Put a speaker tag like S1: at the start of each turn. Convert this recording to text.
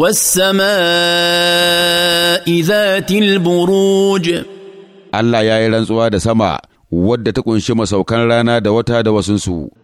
S1: والسماء
S2: ذات البروج Allah ya yi rantsuwa da sama wadda ta ƙunshi masaukan rana da wata da wasunsu.